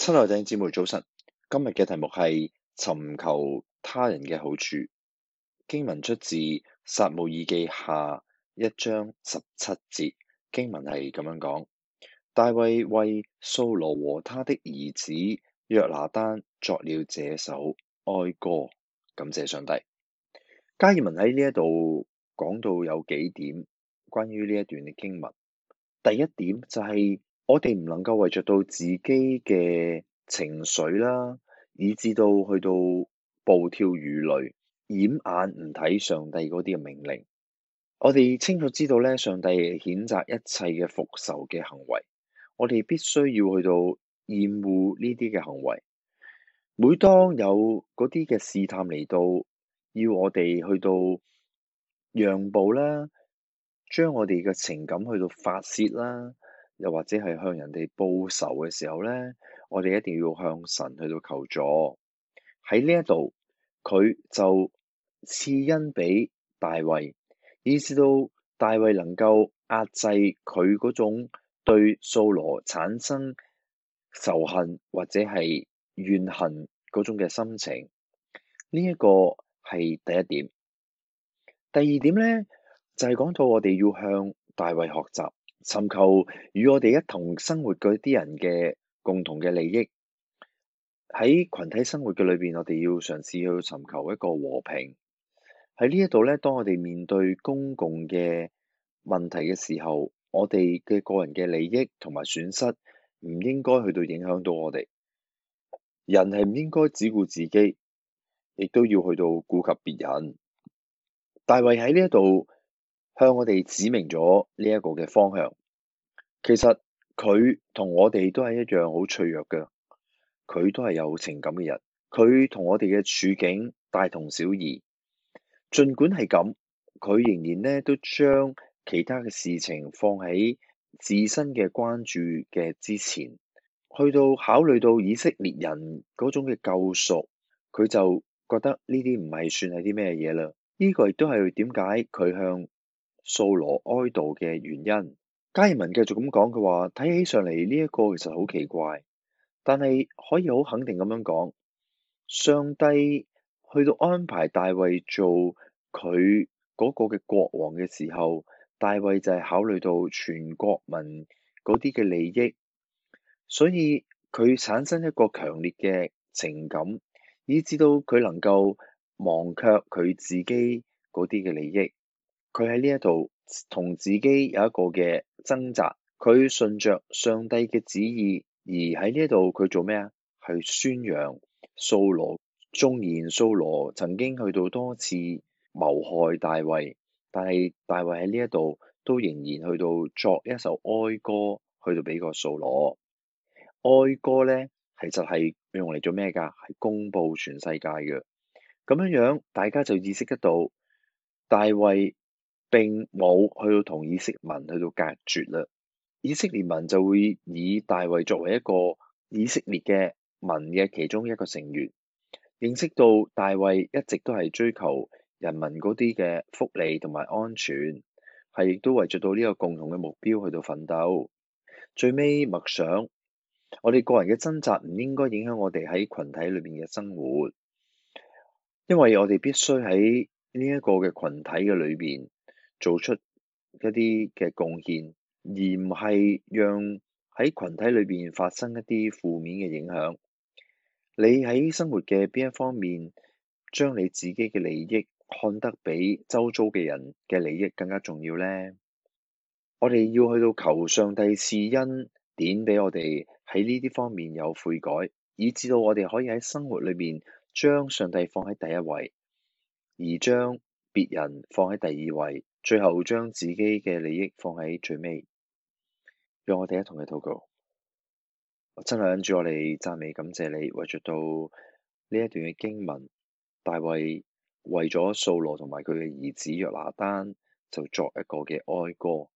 親愛弟兄姊妹早晨，今日嘅題目係尋求他人嘅好處。經文出自撒母耳記下一章十七節，經文係咁樣講：大衛為掃羅和他的兒子約拿單作了這首哀歌，感謝上帝。加爾文喺呢一度講到有幾點關於呢一段嘅經文。第一點就係、是。我哋唔能夠為着到自己嘅情緒啦，以至到去到暴跳如雷、掩眼唔睇上帝嗰啲命令。我哋清楚知道咧，上帝譴責一切嘅復仇嘅行為。我哋必須要去到厭惡呢啲嘅行為。每當有嗰啲嘅試探嚟到，要我哋去到讓步啦，將我哋嘅情感去到發洩啦。又或者係向人哋報仇嘅時候咧，我哋一定要向神去到求助。喺呢一度，佢就賜恩俾大衛，以致到大衛能夠壓制佢嗰種對掃羅產生仇恨或者係怨恨嗰種嘅心情。呢一個係第一點。第二點咧，就係、是、講到我哋要向大衛學習。尋求與我哋一同生活嗰啲人嘅共同嘅利益，喺群體生活嘅裏邊，我哋要嘗試去尋求一個和平。喺呢一度咧，當我哋面對公共嘅問題嘅時候，我哋嘅個人嘅利益同埋損失唔應該去到影響到我哋。人係唔應該只顧自己，亦都要去到顧及別人。大衛喺呢一度向我哋指明咗呢一個嘅方向。其實佢同我哋都係一樣好脆弱嘅，佢都係有情感嘅人。佢同我哋嘅處境大同小異。盡管係咁，佢仍然呢都將其他嘅事情放喺自身嘅關注嘅之前，去到考慮到以色列人嗰種嘅救贖，佢就覺得呢啲唔係算係啲咩嘢啦。呢個亦都係點解佢向掃羅哀悼嘅原因。加爾文繼續咁講，佢話睇起上嚟，呢一個其實好奇怪，但係可以好肯定咁樣講，上帝去到安排大衛做佢嗰個嘅國王嘅時候，大衛就係考慮到全國民嗰啲嘅利益，所以佢產生一個強烈嘅情感，以至到佢能夠忘卻佢自己嗰啲嘅利益，佢喺呢一度。同自己有一個嘅掙扎，佢順着上帝嘅旨意，而喺呢度佢做咩啊？去宣揚掃羅，縱然掃羅曾經去到多次謀害大衛，但係大衛喺呢一度都仍然去到作一首哀歌，去到俾個掃羅。哀歌咧，其實係用嚟做咩㗎？係公佈全世界嘅，咁樣樣大家就意識得到大衛。並冇去到同以色列民去到隔絕啦，以色列民就會以大衛作為一個以色列嘅民嘅其中一個成員，認識到大衛一直都係追求人民嗰啲嘅福利同埋安全，係亦都為著到呢個共同嘅目標去到奮鬥。最尾，默想，我哋個人嘅掙扎唔應該影響我哋喺群體裏面嘅生活，因為我哋必須喺呢一個嘅群體嘅裏邊。做出一啲嘅貢獻，而唔係讓喺群體裏面發生一啲負面嘅影響。你喺生活嘅邊一方面，將你自己嘅利益看得比周遭嘅人嘅利益更加重要呢？我哋要去到求上帝賜恩典俾我哋喺呢啲方面有悔改，以至到我哋可以喺生活裏面將上帝放喺第一位，而將別人放喺第二位。最後將自己嘅利益放喺最尾，讓我哋一同嘅禱告。我真係忍住我哋讚美感謝你，為著到呢一段嘅經文，大衛為咗掃羅同埋佢嘅兒子約拿單，就作一個嘅哀歌。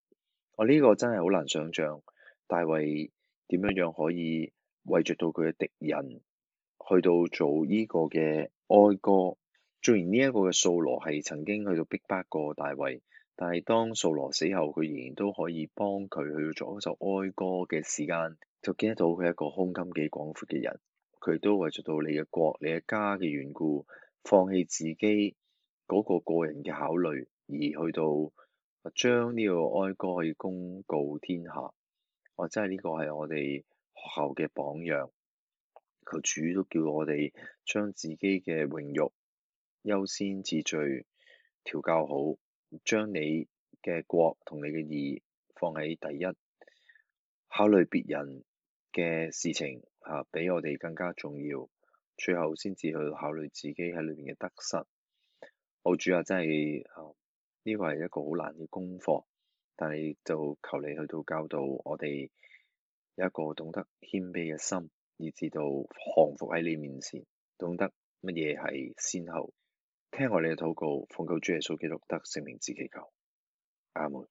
我呢個真係好難想象，大衛點樣樣可以為著到佢嘅敵人，去到做呢個嘅哀歌。雖然呢一個嘅掃羅係曾經去到逼迫，迫過大衛。但係當掃羅死後，佢仍然都可以幫佢去做一首哀歌嘅時間，就見得到佢一個胸襟幾廣闊嘅人。佢都為咗到你嘅國、你嘅家嘅緣故，放棄自己嗰個個人嘅考慮，而去到將呢個哀歌去公告天下。我真係呢個係我哋學校嘅榜樣。求主都叫我哋將自己嘅榮辱優先次序調教好。將你嘅國同你嘅義放喺第一，考慮別人嘅事情吓，比我哋更加重要，最後先至去考慮自己喺裏面嘅得失。我主啊，真係呢個係一個好難嘅功課，但係就求你去到教導我哋，有一個懂得謙卑嘅心，以至到降服喺你面前，懂得乜嘢係先後。聽我哋嘅禱告，奉救主耶穌基督得聖靈之祈求，阿門。